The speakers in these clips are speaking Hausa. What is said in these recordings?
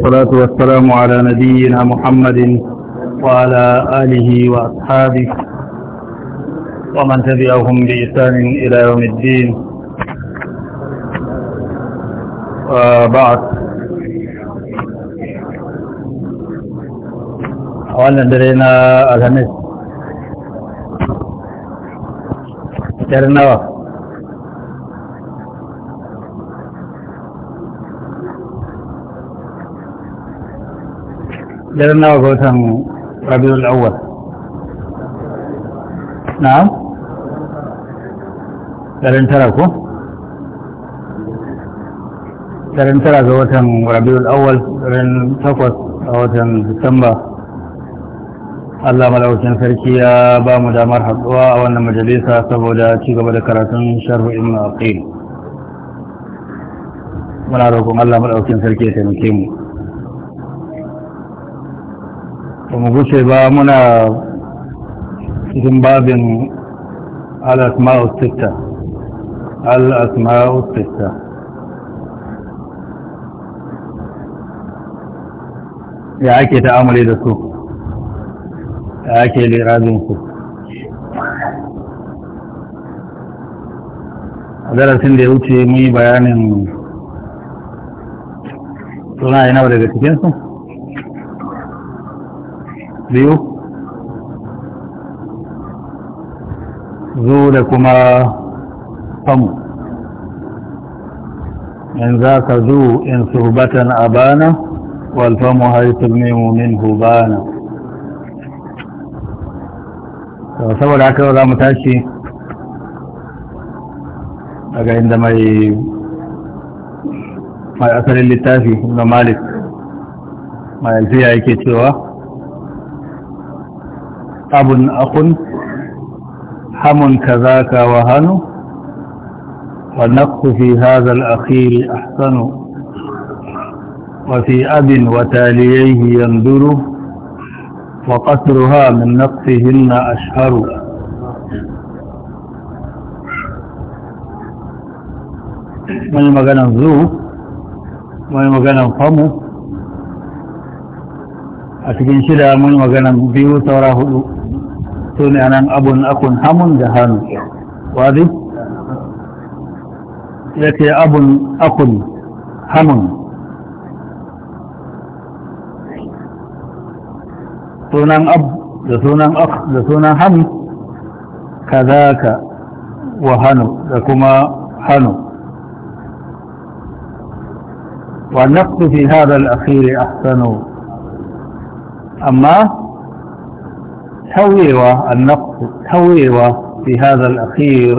والصلاة والسلام على نبينا محمد وعلى آله وأصحابه ومن تبعهم بإحسان إلى يوم الدين وبعد آه، أولا درينا الهمس ترنوه daren وقوتهم ga watan rabiul awwal na'am daren tara وقوتهم daren tara ga watan rabiul awwal takwas a watan disamba Allah malaukin sarki ya ba mu damar haɗuwa a wannan majalisa saboda ci gaba da karatun sharhu ibn muna roƙon Allah malaukin sarki ya taimake mu ba mu guce ba muna cikin babin al'asma'u sita al'asma'u sita ya ake ta'amuli da su ya ake lirabin su a darasin da ya wuce mun yi bayanin suna yana daga cikinsu biyu zu da kuma famu in za ka zo in surbatan abana walfamu haifin nemo min hubana saboda haka za mu tashi daga inda mai mai asalin littafi na malik mai alfiya yake cewa أب أخ حم كذاك وهن والنقف في هذا الأخير أحسن وفي أب وتاليه ينذر وقسرها من نقفهن أشهر من المغنى الزو من المغنى الفم أتكين شدا من المغنى بيوت وراه الأخير su ne nan abun akun hamun da hannu wadi ya ce abun akun hamun sunan ab da sunan ak da sunan ham kazaka wa hannu da kuma hannu والنقص في هذا الأخير أحسن amma. tauyewa annaqs tauyewa fi hadha al-akhir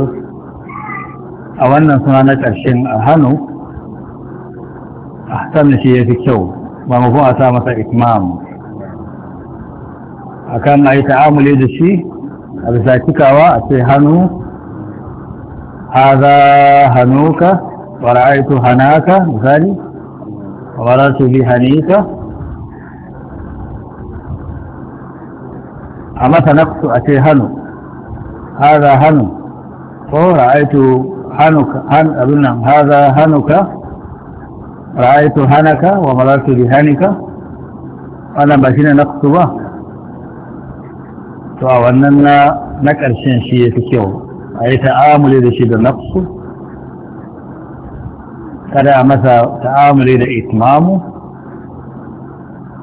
a wannan suna na ƙarshen a hannu ahsan shi yafi kyau ba mu kuma sa masa itmam akan ayi ta'amuli da shi a bisa cikawa a ce hannu hadha hanuka wa ra'aytu hanaka misali wa ra'aytu bi hanika a masa nafsu a ce hannu haza hannu ko ra'aitu hannuka abin nan haza hannuka ra'aitu hanaka wa marartu bi hanika wannan ba shi ne nafsu ba to a wannan na ƙarshen shi ya fi kyau a yi ta'amuli da shi da nafsu kada a masa ta'amuli da itmamu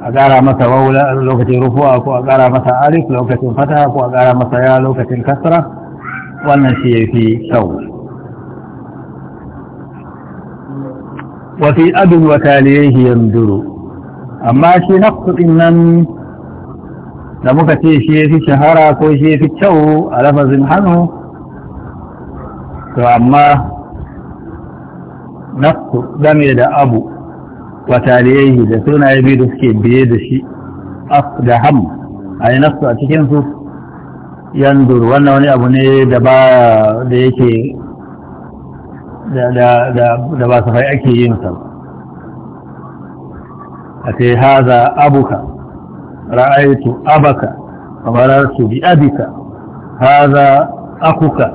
أقارى مثا أولى لوكة رفوعك وأقارى مثا ألف لوكة فتحك وأقارى مثا يا لوكة كسرة والنسي في ثور وفي أب وتاليه يندر أما شي نقص إن لمكة شي في شهرة وشي في الشو ألف زمحنه فأما نقص دمي أبو wa taliyaihi da sunaye biyu da suke biye da shi da ham a yi nasu a cikinsu yanzu wannan wani abu ne da ba da yake da ba safai ake yin sa a ce haza abuka ra'aitu abaka su bi abika haza akuka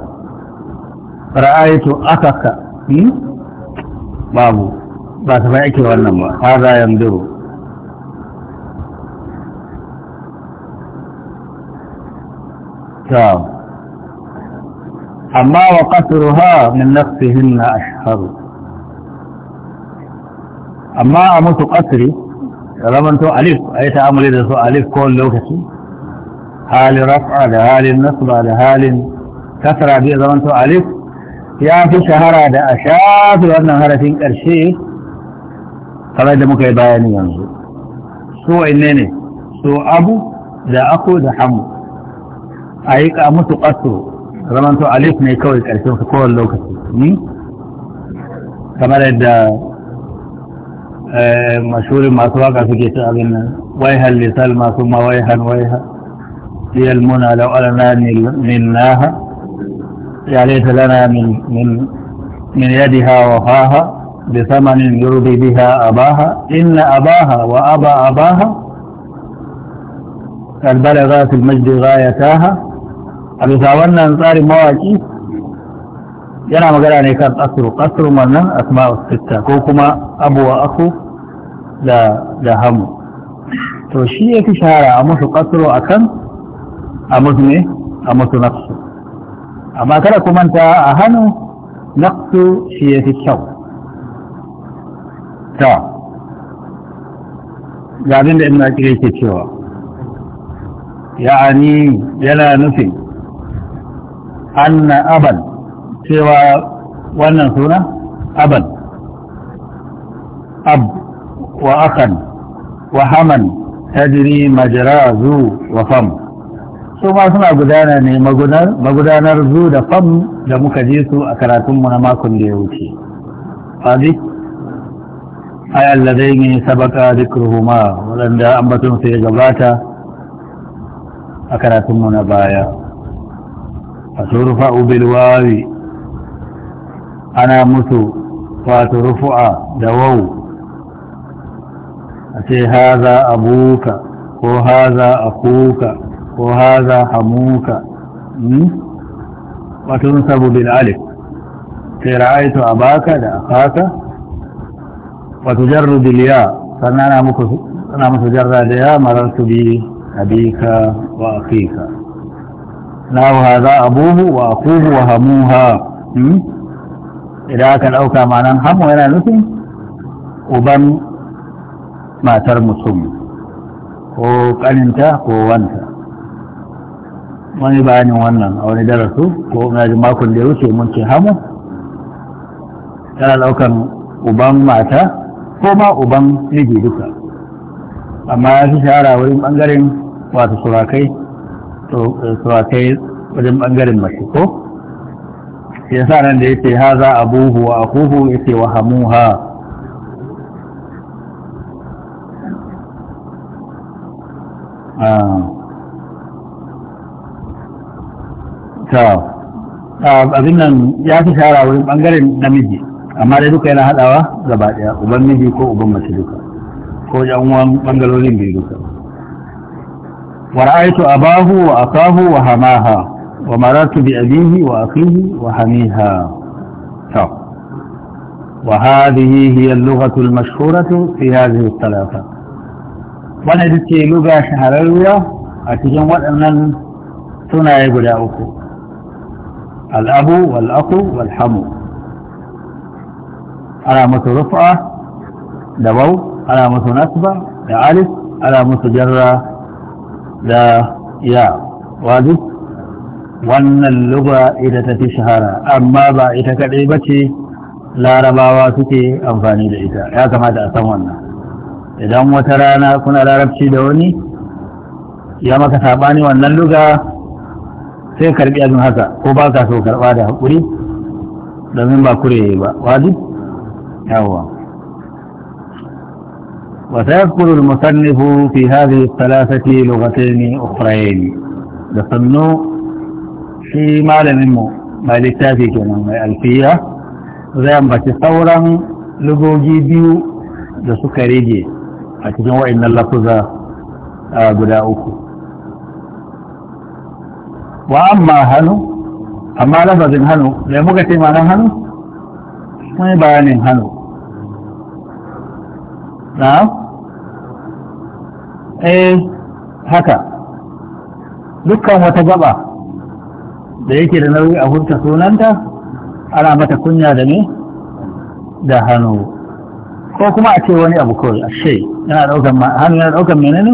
ra'aitu akaka hmm? babu ba ta ake wannan ba haza yanzu ta amma wa qasruha min nafsihinna ashharu amma a musu qasri zamanto alif ayi ta'amuli da su alif ko lokaci hali raf'a da halin nasba da halin kasra bi zamanto alif ya fi shahara da a shafi wannan harafin ƙarshe kamar da muka yi bayani yanzu su wanne ne su abu da aku da hamu a yi ka musu ƙasu zamanto alif ne kawai ƙarshen su kowane lokaci ni kamar yadda mashurin masu waka suke ci abin nan wai hal lisal masu ma wai han wai ha diyal muna lau alana min naha ya laita lana min yadiha wa faha بثمن يرضي بها أباها إن أباها وأبا أباها البلغات المجد غايتاها أبثاونا نصاري مواكي ينا مقراني كانت أسر قسر منا أسماء الستة كوكما أبو وأخو لا لا لهم توشيه في شهر أموس قسر أكن أموس مي أموس نقص أما كلكم أنت أهن نقص في الشوق ta ga abin da ina kira yake cewa ya'ani yana nufin anna aban cewa wannan suna aban ab wa akan wa haman tajiri majara zu wa fam su ma suna gudana ne magudanar zu da fam da muka je su a karatunmu na makon da ya wuce. ayan da zai yi sabaka duk ruhuma waɗanda ambatun sai gabata a karatunmu na baya a turufa ubilwawi ana mutu fa turufa da wau a ce haza abuka ko haza akuka ko haza hamuka wato sabu bil alif sai ra'aitu abaka da a akaka wato jarru biliya sannan ana muku ana musu jarra da ya su bi abika wa akika nahu hadha abuhu wa akuhu wa hamuha idan aka ɗauka ma'anan hamu yana nufin uban matar mutum ko kaninta ko wanta wani bayanin wannan a wani darasu ko na ji makon da ya wuce mun ce hamu Yana ɗaukan uban mata ko ma uban miji duka amma ya fi shahara wurin ɓangaren wata surakai eh, surakai wajen ɓangaren mace ko ya sa nan da yake haza buhu wa ya yake wa hamuha ah. ta ah, abin nan ya fi shahara wurin ɓangaren namiji amma dai duka yana haɗawa gaba ɗaya uban miji ko uban mace duka ko yan uwan bangarorin biyu duka wa ra'aytu abahu wa akahu wa hamaha wa marartu bi abihi wa akhihi wa hamiha ta وهذه هي اللغة المشهورة في هذه الثلاثة وانا دكي لغة شهرية اتجن وانا سنة يقول wal الأب wal hamu. ana musu rufa da bau ana musu nasba da alif ana musu jarra da ya wajib wannan luga ita ta fi shahara amma ba ita kaɗai ba ce larabawa suke amfani da ita ya kamata a san wannan idan wata rana kuna larabci da wani ya maka saɓani wannan luga sai karɓi abin haka ko ba ka so karɓa da haƙuri domin ba kure ba wajib هو وسيذكر المصنف في هذه الثلاثة لغتين أخرين لصنو في ما لنمو ما لتافي كمان الفية زيان باتي صورا لبوجي ديو لسكري دي حتجنو إن اللفظ قداؤكو آه، وأما هنو أما لفظ هنو لمكتما هنو ما يبانين هنو na eh haka dukkan wata gaba da yake da nauyi a hurta sunanta ana mata kunya da ne da hannu ko kuma a ce wani abu kawai a shai yana hannu yana daukan menene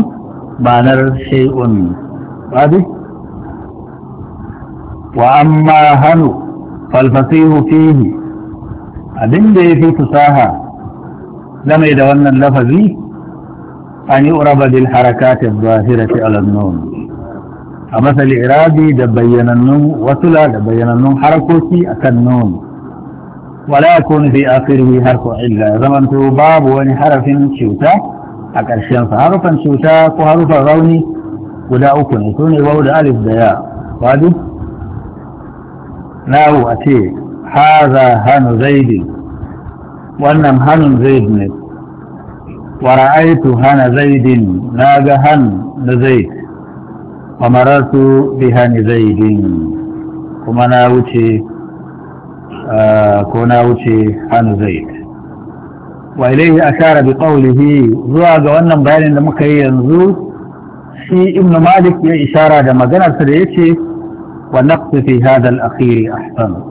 ma'anar shai'un babu wa amma hannu falfasihu fihi abin da ya fi fusaha game da wannan lafazi an yi uraba bil harakatin zahirati ala nun a masali irabi da bayyanannun wasula da bayyanannun harakoki a kan nun wala yakun fi akhirihi harfu illa zaman babu wani harafin cuta a ƙarshen sa harufan cuta ko harufan rauni guda uku ne sune bau da alif da ya wadu nawo a ce haza hanu zaidin wannan hannun zaid ne wa ra'aitu hana zaidin na ga han na zaid wa marartu bi hani zaidin kuma na wuce ko na wuce hana zaid wa ilaihi ashara bi qawlihi zuwa ga wannan bayanin da muka yi yanzu shi ibnu malik ya ishara da maganarsa da yace wa naqsu fi hadha al-akhir ahsan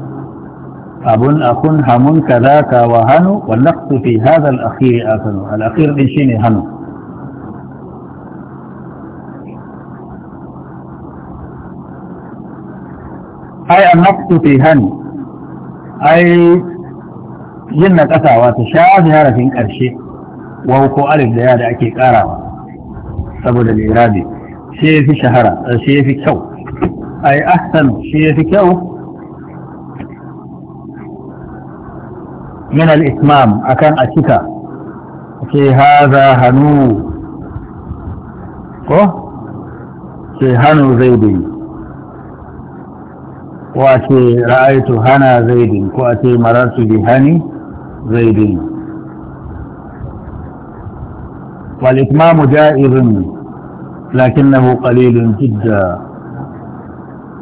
أب أكن هم كذاك وهنو والنقص في هذا الأخير آثن الأخير من شيني هنو أي النقط في هنو أي جنة أسعوات الشاعة في هذا في الشيء ووقو ألف ديادة أكي أراوة سبب الإرادي شيء في شهرة شيء في كو أي أحسن شيء في كو min al akan a cika ce haza hannu ko ce hannu zaidin ko a ce ra'aitu hana zaidin ko a ce bi hani zaidin والإتمام جائز لكنه قليل جدا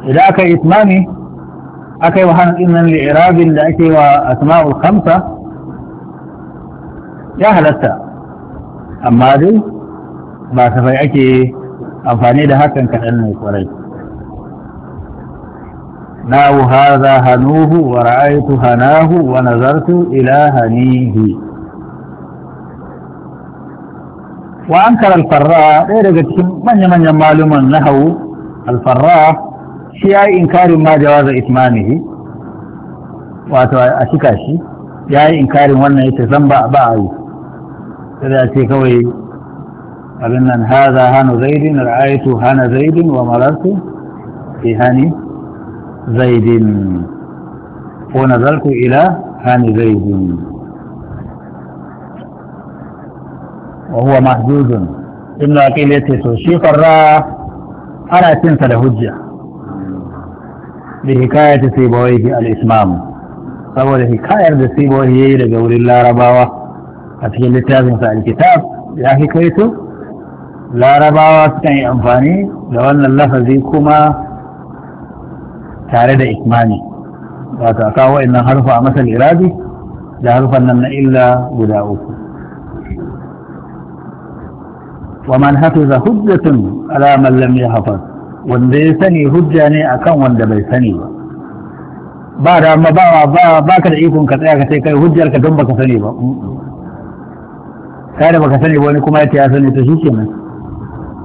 إذا أكا إتمامي aka yi wa hannun ɗin nan li'irabin da ake wa asma'ul khamsa ya halatta amma dai ba safai ake amfani da hakan kaɗan ne kwarai nahu haza hanuhu wa ra'aitu hanahu wa nazartu ila hanihi wa an alfarra ɗaya daga cikin manya-manyan maluman hau alfarra shi ya yi inkarin ma da jawaza itmamihi wato a cika shi ya yi inkarin wannan ya ce zan ba a yi sai a ce kawai abin nan haza hannu zaidin ra'aitu hana zaidin wa marartu ke hani zaidin ko nazartu ila hani zaidin wa huwa mahjuzun ibn aqil yace to shi farra ana cinsa da hujja لحكاية سيبوي في الإسلام فهو لحكاية سيبوي لجور الله رباوة ففي الكتاب في الكتاب يا حكايته لا رباوة تكني أنفاني لو أن الله فذيكما تارد إكماني وتعقاوا إن حرف مثل إرادي لا حرف أن إلا بداؤك ومن حفظ حجة على من لم يحفظ wanda ya sani hujja ne a kan wanda bai sani ba ba da amma ba ba ba ka da ikon ka tsaya ka sai kai hujjar ka don baka sani ba kai da baka sani ba wani kuma ya sani ya shi ke nan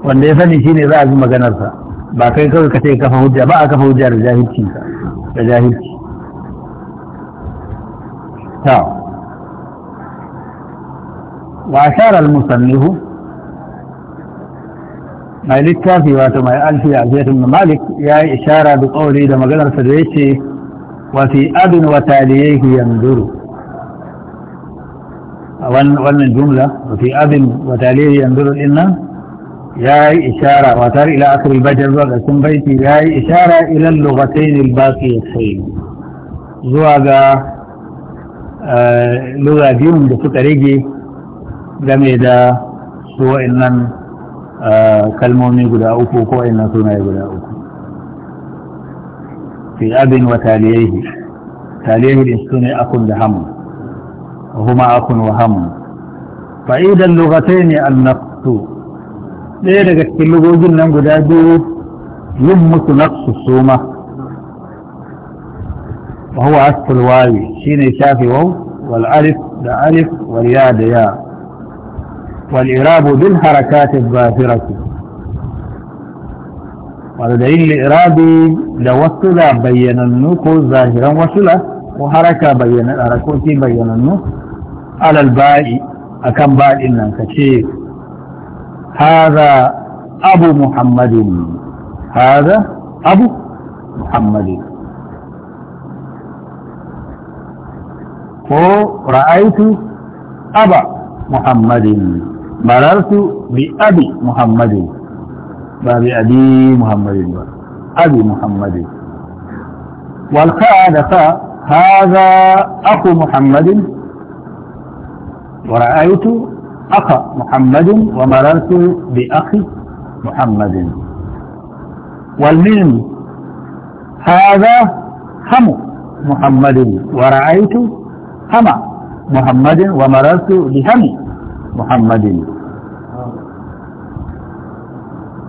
wanda ya sani shine za a ji maganarsa ba kai kawai ka sai kafa hujja ba a kafa hujja da jahilci da jahilci ta wa shara al-musannihu mai littafi wato mai alfi a zai malik ya yi ishara da tsauri da maganarsa da ya ce wafi abin wata da ya a wannan jumla wafi abin wata da ya yi nan ya yi ishara wata ila akwai bajar zuwa ga sun baiti ya yi ishara ilan lokacin ilbaki ya sai zuwa ga eh, lura biyun da suka rage game da su wa'in nan kalmomi guda uku ko ina sunaye guda uku fi abin wa taliyaihi taliyaihi din su akun da hamu huma akun wa hamu fa idan lugatain ne naqtu dai daga cikin lugogin nan guda biyu yin musu nafsu suma wa huwa asl wawi shine shafi wau wal alif da alif wal ya da ya والإراب بالحركات الظاهرة وهذا إرابي الإراب لوصل بين النوك ظاهرا وصلة وحركة بين الحركات بين النوك على البائي أكم بائي إنا كشيء هذا أبو محمد هذا أبو محمد ko رأيت أبا muhammadin مررت بأبي محمد بابي أبي محمد أبي محمد والقاعدة هذا أخو محمد ورأيت أخ محمد ومررت بأخي محمد والميم هذا هم محمد ورأيت هم محمد ومررت بهم muhammadin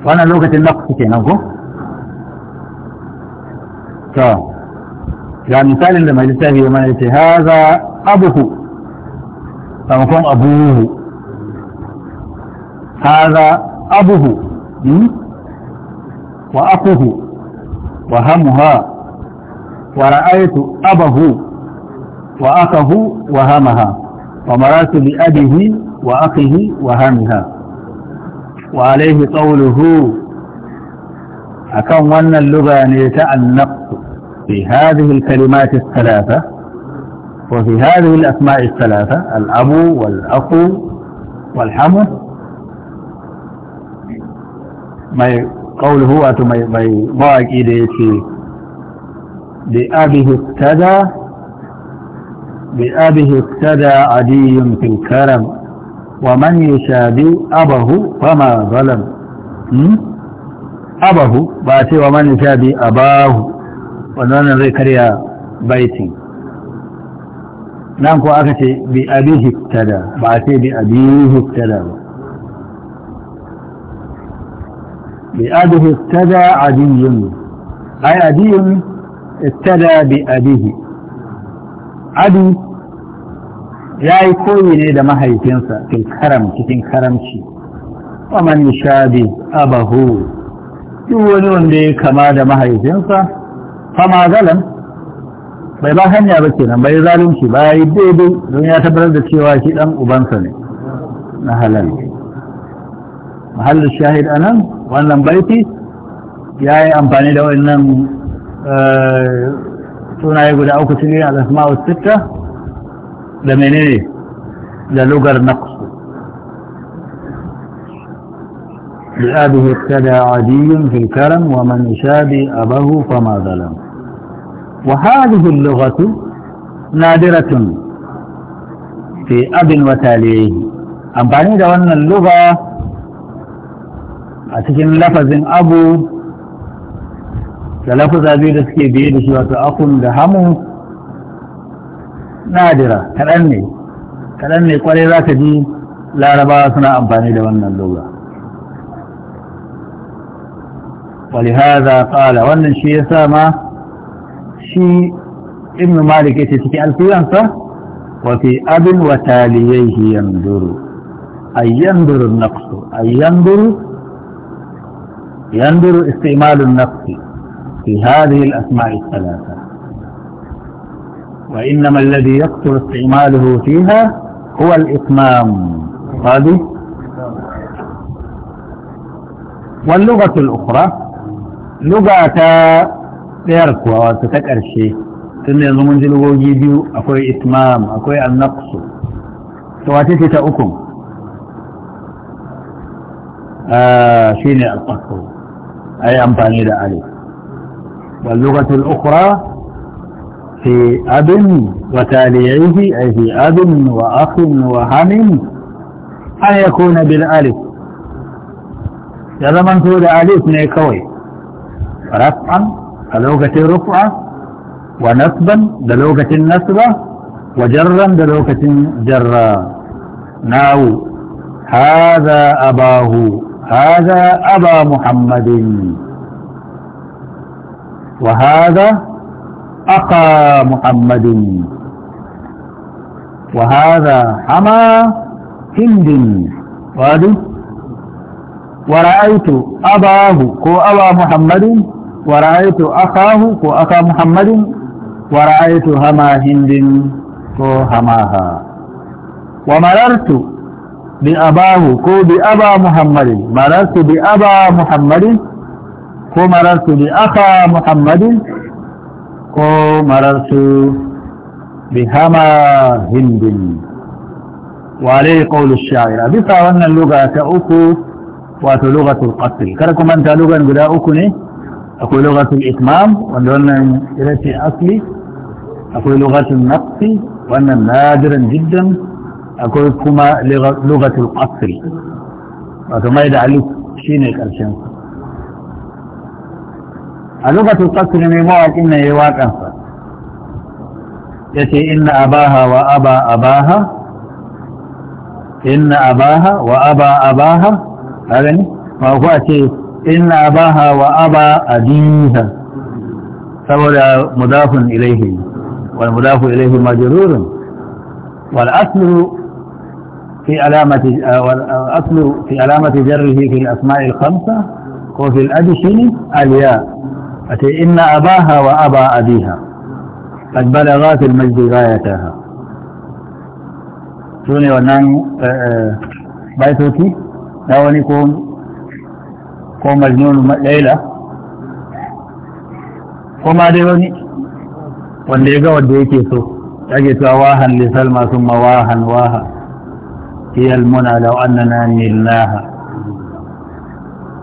wannan lokacin na kuke to ga misalin da mai littafi ya mana ce haza abuhu samakon abuhu haza abuhu hmm? wa akuhu wa hamuha wa ra'aitu abahu wa wa wa marasu bi وأخه وهمها وعليه قوله أكون أن اللغة أن يتعلق في هذه الكلمات الثلاثة وفي هذه الأسماء الثلاثة الأب والأخ والحمو ما قوله أتو ما mawaƙi إليك بأبه اقتدى bi اقتدى عدي في الكرم Wa man ye shabi Abahu fama zolan? Abahu ba sai wa ma nisha Abahu ba zai kariya baitin. Nan kuwa aka ce bi adi hiditada ba sai bi adihin hiditada. Bi adi hiditada adihan yanzu. adiyun hiditada bi adihi adi. ya yi koyi ne da mahaifinsa fil karam cikin karamci wa man shabi abahu duk wani wanda ya kama da mahaifinsa fama zalam bai ba hanya ba kenan bai zalunci ba yi daidai don ya tabbatar da cewa shi dan ubansa ne na halal mahallin shahid anan wannan baiti ya yi amfani da wannan eh, sunaye guda uku cikin al'asma'ul sitta da menene da lugar naqsu bi abihi ibtada adiyun fil karam wa man ishabi abahu fama zalam wa hadhihi lughatu nadiratun fi abin wa taliyihi amfani da wannan lugha a cikin lafazin abu da lafaza biyu da suke biye da shi wato akun da hamu نادرة كالأني كالأني قولي ذاك دي لا نباسنا أمباني دون اللغة ولهذا قال وان شي ما شي ابن مالك يتسكي ألف ينفى وفي أب وتاليه يندر أي يندر النقص أي يندر يندر استعمال النقص في هذه الأسماء الثلاثة وإنما الذي يكثر استعماله فيها هو الإتمام هذه واللغة الأخرى لغة تيركوا وتتكر شيء ثم يظمون ذلك وجيبوا أكوي إتمام أكوي النقص تواتيتي تأكم آه، شيني الطفل أي أنباني لألي واللغة الأخرى في أب وتاليعه أي في أب وأخ وهم أن يكون بالألف هذا منصوب ألف نيكوي رفعا دلوقة رفعة ونصبا دلوقة النصبة وجرا دلوقة جرا ناو هذا أباه هذا أبا محمد وهذا أخا محمد وهذا حما هند واضح ورأيت أباه كو أبا محمد ورأيت أخاه كو أخا محمد ورأيت هما هند كو هماها ومررت بأباه كو بأبا محمد مررت بأبا محمد كو مررت بأخا محمد ko marartu bi hama hindin wale alayhi qawlu shaira bisa wannan luga ta uku wato lugatul qatl kar ku manta lugan guda uku ne akwai lugatul itmam wanda wannan ita asli akwai lugatul naqsi wannan nadiran jiddan akwai kuma lugatul qatl wato mai da alif shine karshen su a lokacin kasri ne mawaƙin na ya yi waƙansa ya ce inna abaha wa aba abaha inna abaha wa aba abaha a gani ma kuwa ce inna abaha wa aba abiha saboda mudafin ilaihi wal mudafu ilaihi majrurun wal aslu في علامة والأصل في علامة جره في الأسماء الخمسة وفي الأدشن الياء أتي إن أباها وأبا أبيها قد بلغا في المجد غايتها سوني ونان بيتوتي لوني كون كون مجنون ليلة كما ديوني wanda ya ga wanda yake so yake cewa wahan li salma summa wahan waha hiya almuna law annana nilnaha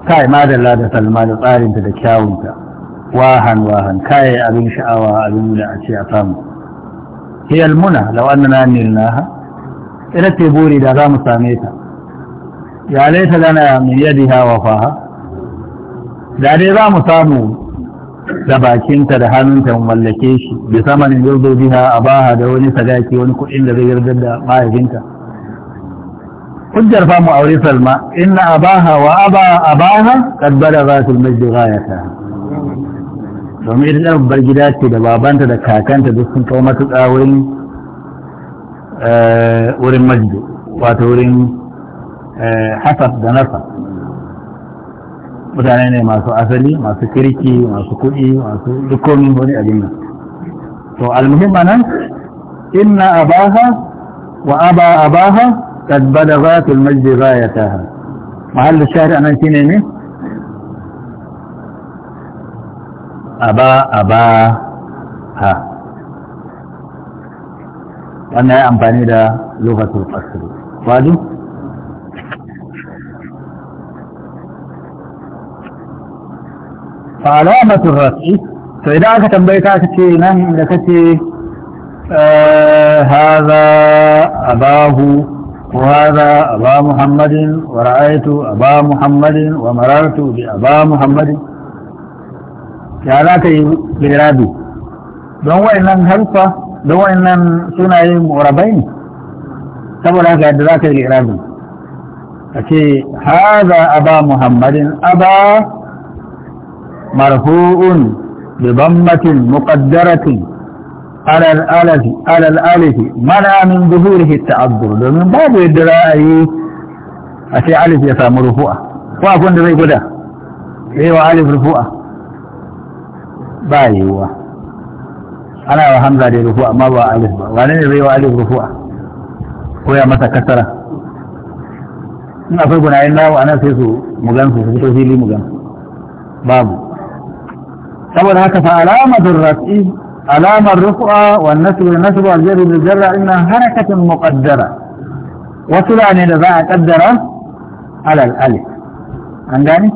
kai madalla da salma da tsarinta da kyawunta wahan wahan kai abin sha'awa abin da a ce a samu hiyal muna lau annana nilnaha ina ce buri da zamu same ta ya laita lana min yadiha wa faha da dai za mu samu da bakinta da hannunta mu mallake shi bi samanin yardo biha a baha da wani sadaki wani kuɗin da zai yarda da mahaifinta hujjar mu aure salma inna abaha wa aba abaha qad balagha al majd ghayataha domin irin ɗan babbar gida ce da babanta da kakanta duk sun kawo matuƙa wurin eh, wurin majdu wato wurin eh, hasaf da nasa mutane ne masu asali masu kirki masu kuɗi masu dukkanin wani abin nan to almuhimma nan inna abaha wa aba abaha قد بلغت المجد غايتها محل الشهر shine ne. aba aba ha wannan ya amfani da lokacin fasiri wadu fa'alamatun rasu, to idan aka tambaye ka ce nan da kace eh, haza abahu وهذا أبا محمد ورأيت أبا محمد ومررت بأبا محمد ya za ka yi lirabi don wa'annan harfa don wa'annan sunaye murabai ne saboda haka yadda za ka yi lirabi a ce haza aba muhammadin aba marhu'un bi bammatin muqaddaratin alal alifi mana min zuhurihi ta'azzur domin babu yadda za a yi a ce alif ya samu rufu'a ko akwai da zai guda sai wa alif rufu'a بايوة أنا وحمزة دي رفوع مروة ألف وأنا سيسو مغنف سيسو لي علامة الرفوع والنسب والنسب والجر والجر إن هركة مقدرة وصلاني لذا أقدر على الألف عنداني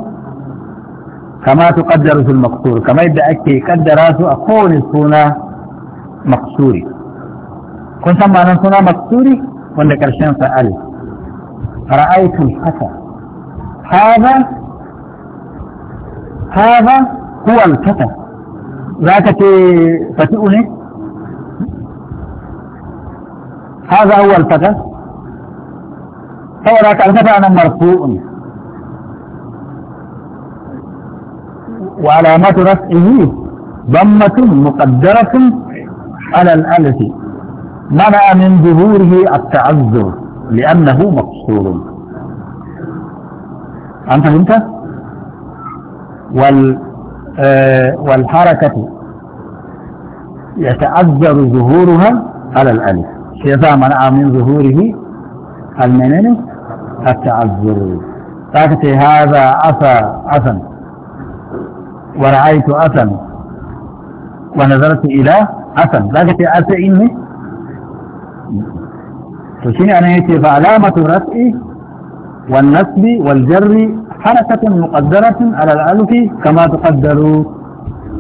كما تقدر في المقصور كما يدعك يقدر راسو اكون السنة مقصوري كنت أنا السنة مقصوري وانا كرشان فأل رأيت الحسى هذا هذا هو الفتى ذاك تفتئني هذا هو الفتى فهو ذاك الفتى انا مرفوعني وعلامات رفعه ضمة مقدرة على الألف منع من ظهوره التعذر لأنه مقصور أنت أنت وال آه، والحركة يتعذر ظهورها على الألف كيف منع من ظهوره المنن التعذر فكتي هذا أثى أثم ورأيت أتا ونظرت إلى أتا لقد أتا إني فشيني أنا يتي فعلامة رسئي والنسب والجر حركة مقدرة على الألف كما تقدر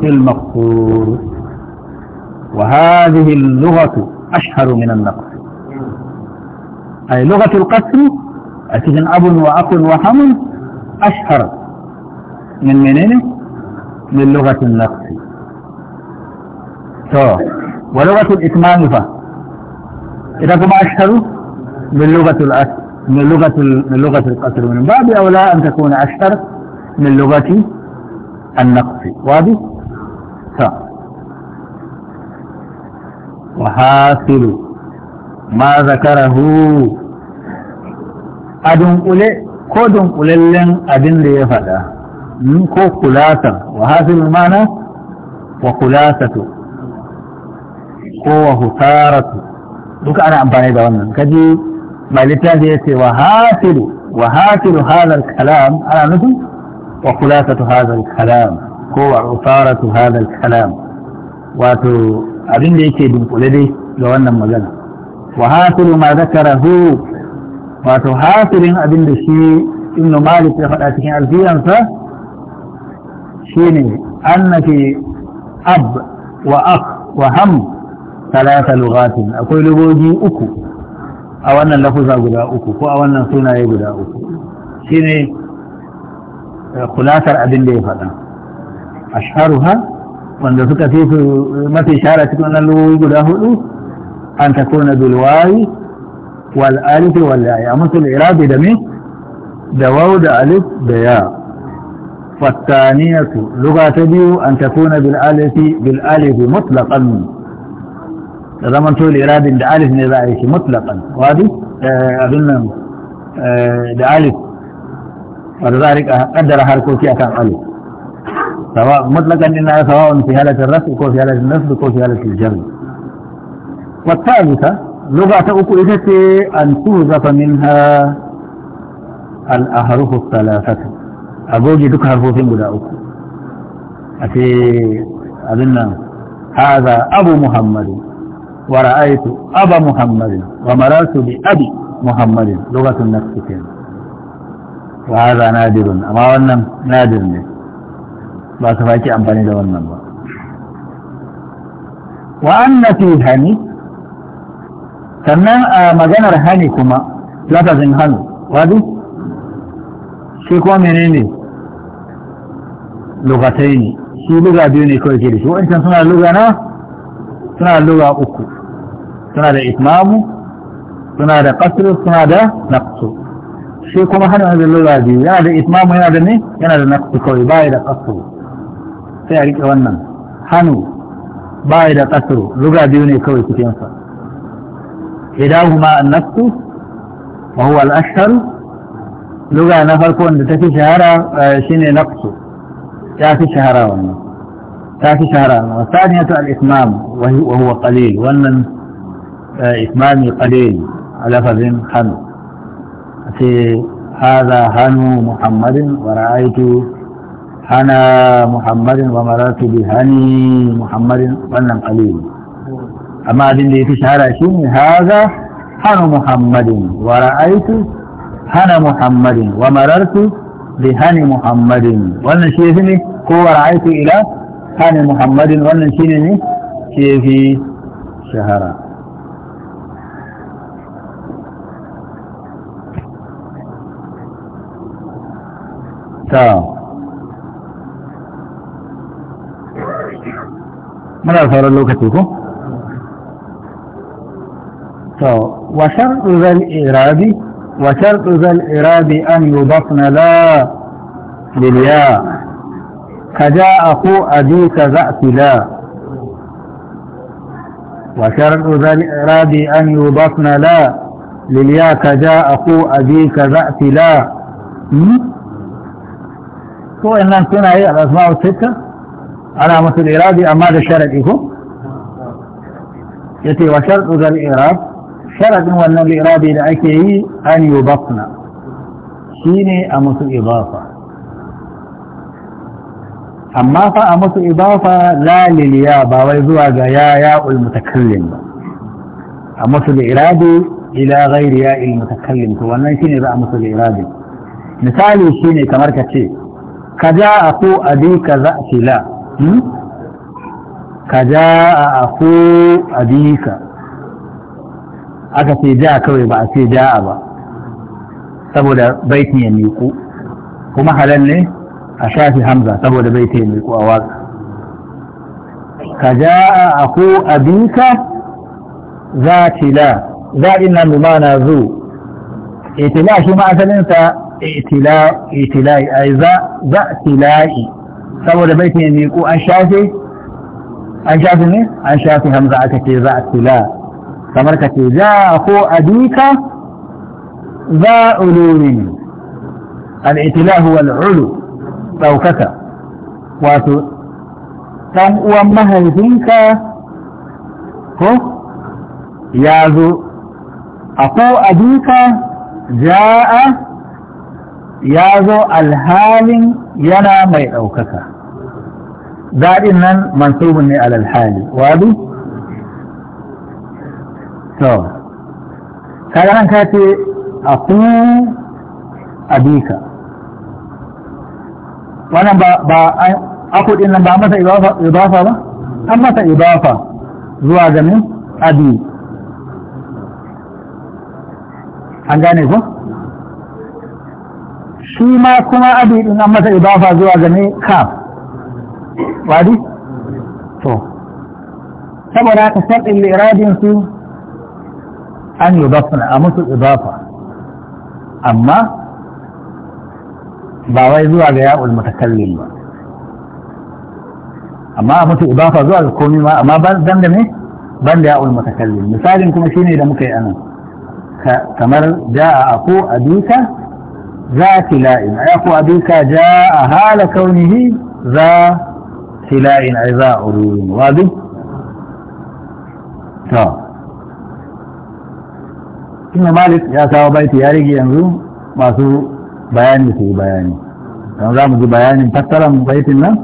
في المقصور وهذه اللغة أشهر من النقص أي لغة القسر أتجن أب وأخ وحم أشهر من منين من لغة النقص تو ولغة الإتمام فا إذا كما أشهروا من لغة الأسر من لغة من لغة القصر من باب أولى أن تكون أشهر من لغة النقص واضح؟ تو وحاصل ما ذكره أدن أولي كودن أولي لن أدن ليفدا ko kulasa wa hasil mana wa kulasatu ko wa husaratu duka ana amfani da wannan kaji mai littafi ya ce wa hasilu wa kalam ana nufin wa kulasatu hadha kalam ko wa husaratu hadha kalam wato abin da yake dunkule dai da wannan magana wa wato abin da shi ibnu ya faɗa cikin alfiyansa shine annake ab wa akh wa ham talata lughatin akwai lugogi uku a wannan lafuza guda uku ko a wannan sunaye guda uku shine eh, kulasar abin da ya faɗa ashharuha wanda suka fi su mafi shara cikin wannan guda hudu an takuna bilwayi wal alif wal ya musul irabi da mi da waw da alif da ya فالثانية لغة تبيو أن تكون بالألف بالألف مطلقا إذا من تقول إرادة بألف نذائك مطلقا وهذه آه، أظن آه، بألف ولذلك قدر حركوكي أكام ألف سواء مطلقا إنها سواء في هالة الرسل كو في هالة النسل كو في هالة الجر والثالثة لغة أكو إذا أن توزف منها الأحرف الثلاثة a goge duka harfofin guda uku a ce abin nan haza abu muhammadu wa ra'aitu aba muhammadin wa marasu bi abi muhammadin lokacin na suke wa haza nadirun amma wannan nadir ne ba su faki amfani da wannan ba wa fi hani sannan a maganar hani kuma lafazin hannu wadu shi kuma menene lugatai ne shi luga biyu ne kawai ke da shi wancan suna luga na suna luga uku suna da ismamu suna da kasir suna da naqsu shi kuma hannun hannun luga biyu yana da ismamu yana da ne yana da naqsu kawai baya da kasir sai a rike wannan hannu baya da kasir luga biyu ne kawai cikinsa idahuma an naqsu wa huwa al-ashhar luga na farko wanda ta fi shahara shine naqsu ta fi shahara wannan ta fi shahara wannan wa thaniyatu al-ismam wa huwa qalil wannan ismami qalil ala fazin hanu muhammadin wa sai هذا هنو محمد ورأيت هنا محمد ومررت بهني محمد ظنا قليل أما أدن لي في hada hanu muhammadin wa ورأيت هنا محمد ومررت بهن محمد ونشيفني هو رأيت إلى هن محمد ونشيفني كيف شهرا ماذا صار لو كتبه؟ فوشر ذا الإرادي وشرط ذا الإراد أن يضطن لا للياء كجاء أخو أبيك ذأت لا وشرط ذا الإراد أن يضطن لا للياء كجاء أخو أبيك ذأت لا هو إن أنتنا هي الأسماء الستة علامة الإراد أما ذا الشرط يكون يتي وشرط ذا الإراد sharadin wannan li'irabi da ake yi an yi basna ne a musu ibafa, amma fa a musu ibafa la ba wai zuwa ga ya ya'ul mutakallim ba a musu li'irabi ila ghairi ya'il mutakallim to wannan shi ne za a musu li'irabi misali shi ne kamar ka ce ka ja a aku abika za'tila hmm? ka ja a aku abika aka ce ja kawai ba a ce da'a ba saboda baitin ya miku kuma halal ne a shafi hamza saboda baitin ya miku a waka ka a ku abinka za tila za ina lumana zu itila shi ma asalinsa itila'i ai za tila'i saboda baitin ya miku an shafi an shafi ne an shafi hamza aka ce za tila kamar ka ce za ko abika za a ulumin al'itilahu wal'ulu ɗaukaka wato ɗan uwan mahaifinka ko ya zo a ko abika a ya zo alhalin yana mai ɗaukaka daɗin nan mansubin ne alalhali wadu to kaga nan ka ce a aku abika wannan ba ba aku nan ba masa ibafa ba an masa ibafa zuwa ga min abi an gane ko shi ma kuma abi din an masa ibafa zuwa ga min wadi to saboda haka sharɗin liradin su an yi basna a musu idafa amma ba wai zuwa ga ya'ul mutakallim ba amma a musu idafa zuwa ga komi ma amma ban da ne ban da ya'ul mutakallim misalin kuma shine da muka yi a nan, kamar a ja'a a duka za a tila'in a duka ja a hala kaunihi za tila'in ay za urun wadi to Ibn Malik ya kawo baiti ya rage yanzu masu bayani su bayani don za mu ji bayanin fassaran baitin nan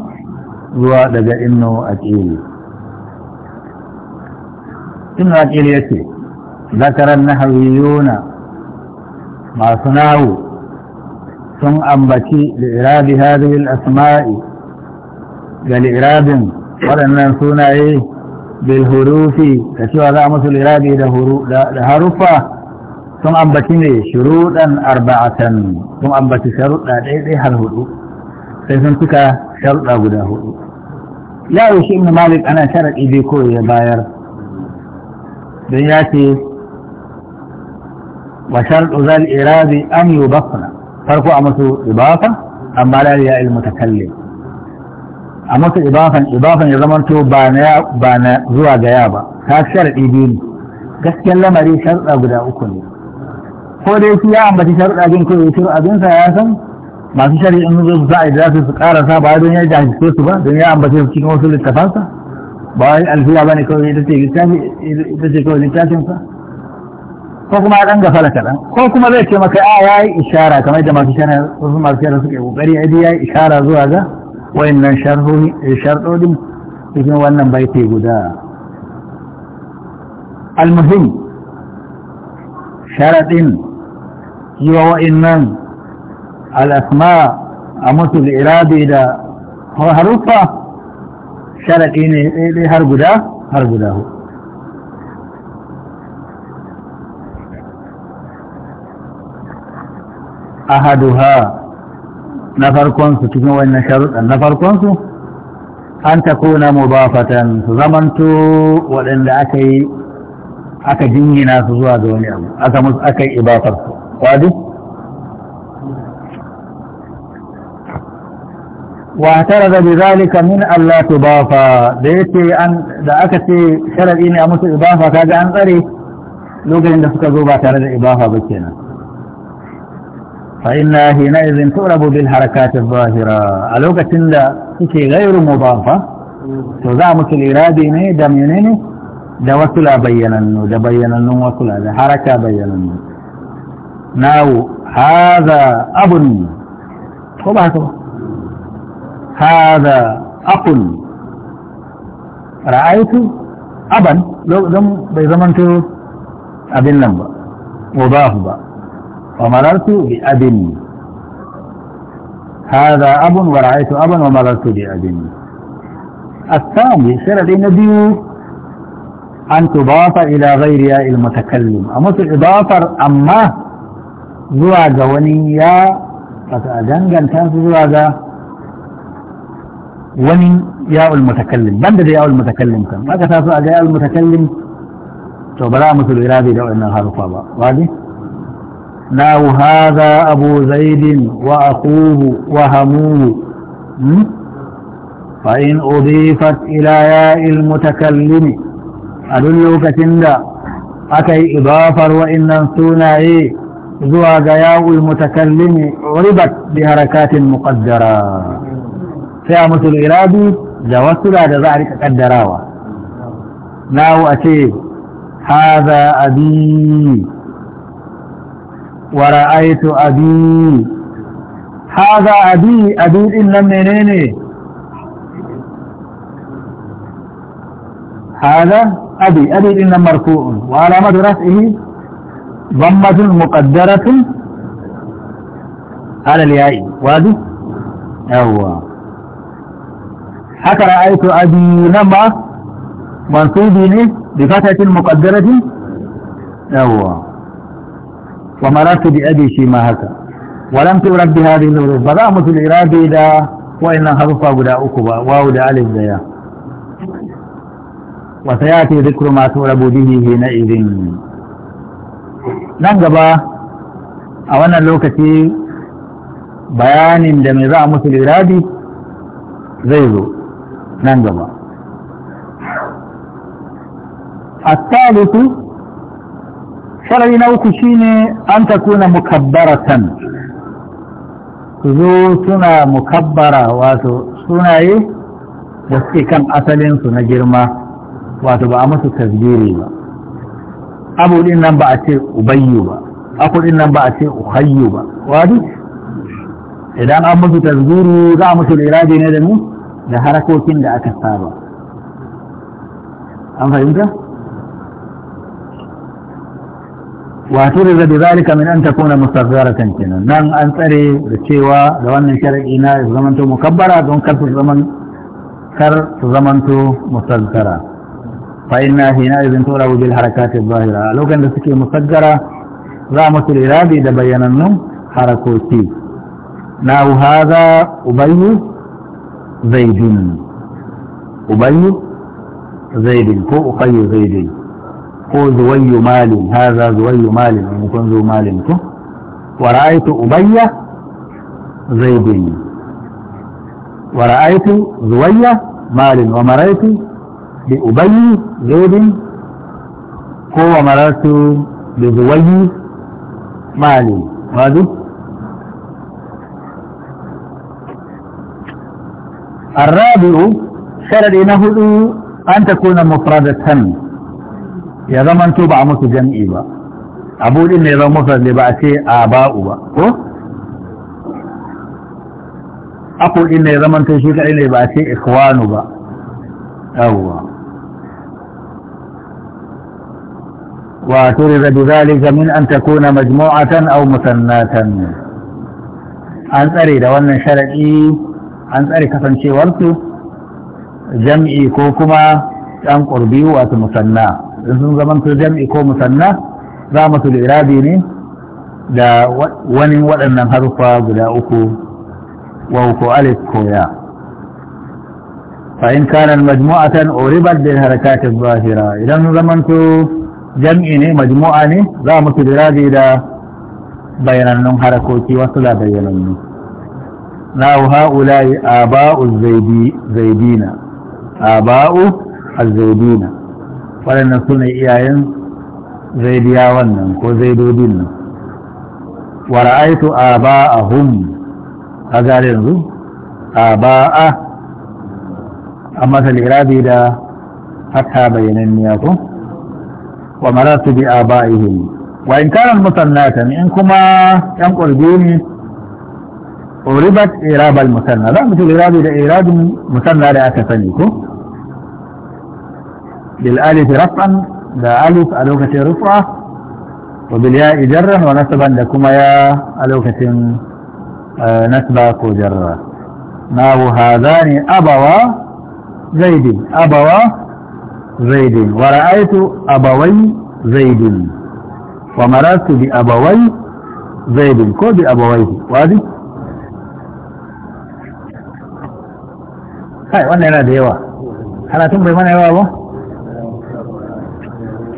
zuwa daga Ibn Aqil Ibn Aqil ya ce zakaran nahawiyuna masu nahu sun ambaci da irabi hadhihi asmai ga irabin waɗannan sunaye bil hurufi da cewa za a musu irabi da haruffa sun ambaci ne shuruɗan arba'atan sun ambaci sharuɗa ɗaiɗai har hudu sai sun cika sharuɗa guda hudu ya yaushe ibn malik ana sharaɗi bai ko ya bayar don ya ce wa sharuɗu zal irabi an yi basra farko a musu ibafa amma la ya ilmu takallim a musu ibafan ibafan ya zamanto ba na zuwa ga ya ba ta sharaɗi biyu ne gaskiyar lamari sharuɗa guda uku ne ko dai shi ya ambaci sharuɗa jin kawai ya shiru abinsa ya san masu shari'in zo su sa'a da su karasa ba don ya jahilce su ba don ya ambace su cikin wasu littafansa ba wai alfiya ba ne kawai ita ce ita ce kawai littafinsa ko kuma ya ɗan gafala kaɗan ko kuma zai ce maka a ya yi ishara kamar da masu shari'a wasu masu shari'a suke ƙoƙari a ya yi ishara zuwa ga wayannan sharɗoɗin cikin wannan baiti guda المهم شرط يوئنن الأسماء أموت الإرادة إلى هروفة شركين لهربدا هربدا هو أحدها نفر كونسو تكون وإن شرط النفر كونسو أن تكون مضافة زمنتو ولن لأكي أكا جنجنا سزوا دوني أكا مز أكي إباطرتو kwadu wa tara da zalika mini Allah tubafa da yake an da aka ce sharadi ne a musu ibafa kaga an tsare lokacin da suka zo ba tare da ibafa ba kenan fa inna hina idhin turabu bil harakat adh-dhahira a lokacin da suke ghairu mubafa to za mu kiradi ne da menene da wasu la bayyanannu da bayyanannu wasu la da haraka bayyanannu ناو هذا أبن خبهتو هذا أقل رأيت أبن لو دم بيزمن تيو أبن لنبا وضاه با ومررت بأبن هذا أبن ورأيت أبن ومررت بأبن الثاني سيرة النبي أن تضاف إلى غير المتكلم أمس إضافة أما zuwa ga wani ya a danganta su zuwa ga wani ya'ul mutakallim banda da ya'ul mutakallim kan aka ta su a ga ya'ul mutakallim to ba za mu su lura da wannan harufa ba wadi nahu hadha abu zaidin wa aquhu wa hamuhu hmm? fa in udifat ila ya'il mutakallim a duk lokacin da aka yi ibafar wa'annan sunaye ذو غياء المتكلم عربت بحركات مقدرة سيامة الإرادة جوست على ذلك قدراوة ناو أتيب هذا أبي ورأيت أبي هذا أبي أبي إن لم هذا أبي أبي إن مركوء وعلى مدرسه ضمة مقدرة على الياء وادي أو حتى رأيت أبي نمى منصوبين بفتحة مقدرة أو ومررت بأبي شيما هكا ولم ترد بهذه الظروف بضامة الإرادة إذا وإن حرف أبدا أكبا واو دا ألف ديا وسيأتي ذكر ما تؤلب به حينئذ nan gaba a wannan lokaci bayanin da mai za a musu lirabi zai zo nan gaba a talifu sharari na uku shine an takuna mukabbaratan su zo suna mukabbara wato sunaye da suke kan asalinsu na girma wato ba a musu tasbiri ba abu din nan ba a ce ubayyu ba aku din nan ba a ce uhayyu ba wadi idan an musu tazuru za a musu liraji ne da mu da harakokin da aka saba an fahimta wato da zabi zalika min an takuna mustaghfaratan kenan nan an tsare da cewa da wannan sharadi na zamanto mukabbara don kar su zaman kar su zamanto mustaghfara فإن فإنها حينئذ تغلب بالحركات الظاهرة لو كان سكي مصدرة رامة الإرادة دبينا النوم حركوتي ناو هذا أبي زيد أبي زيد كو أخي زيد كو زوي مال هذا زوي مال يكون يعني ذو مال كو ورأيت أبي زيد ورأيت زوي مال ومرأيت بأبي زيد هو مررت بزوي مالي هذا الرابع شرد نهض ya تكون مفردة يا زمن تبع متجمعي بقى abu din ne zama mufrad ne ba a ce a ba'u ba ko aku din ne zaman ta shi kadai ne ba a ce ikhwanu ba yawwa واعترض بذلك من أن تكون مجموعة أو مثناة an tsare da wannan sharaɗi an tsare kasancewarsu jam'i ko kuma ɗan wato musanna in sun zamanto jam'i ko musanna za mu irabi ne da wani waɗannan harfa guda uku wa ko alif ya fa in kana majmu'atan uribat idan zamanto jam'i ne majmu'a ne za mu kidirabi da bayanannun harakoki wasu da bayanannu nahu ha'ula'i aba'u zaidina aba'u Zaidina. waɗannan su ne iyayen zaidiya wannan ko zaidodin nan a ra'aitu hun a gare yanzu aba'a a matalirabi da hata bayanan niyakon ومراتب آبائهم وإن كان المثنات إنكما ينقل ديني أربت إيراب المثنى لا مثل إيراب إلى إيراب مثنى لا بالآلف رفعا لا ألف ألوكة رفعة وبالياء جرا ونسبا لكما يا ألوكة آه، نسبا كجرا ما هذان أبوا زيد أبوا زيد ورأيت أبوي زيد ومررت بأبوي زيد كو بأبويه وادي هاي وانا انا ديوا هلا تنبي من ايوا ابو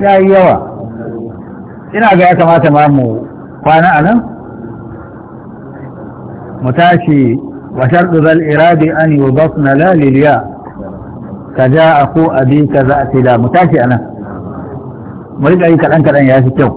يا ايوا انا جاء كما تمامو فانا انا متاشي وشرط ذا الاراد ان يضطن لا للياء ka ja a ko abi ka za a da mu tashi a nan mu riƙa yi kaɗan-kaɗan ya fi kyau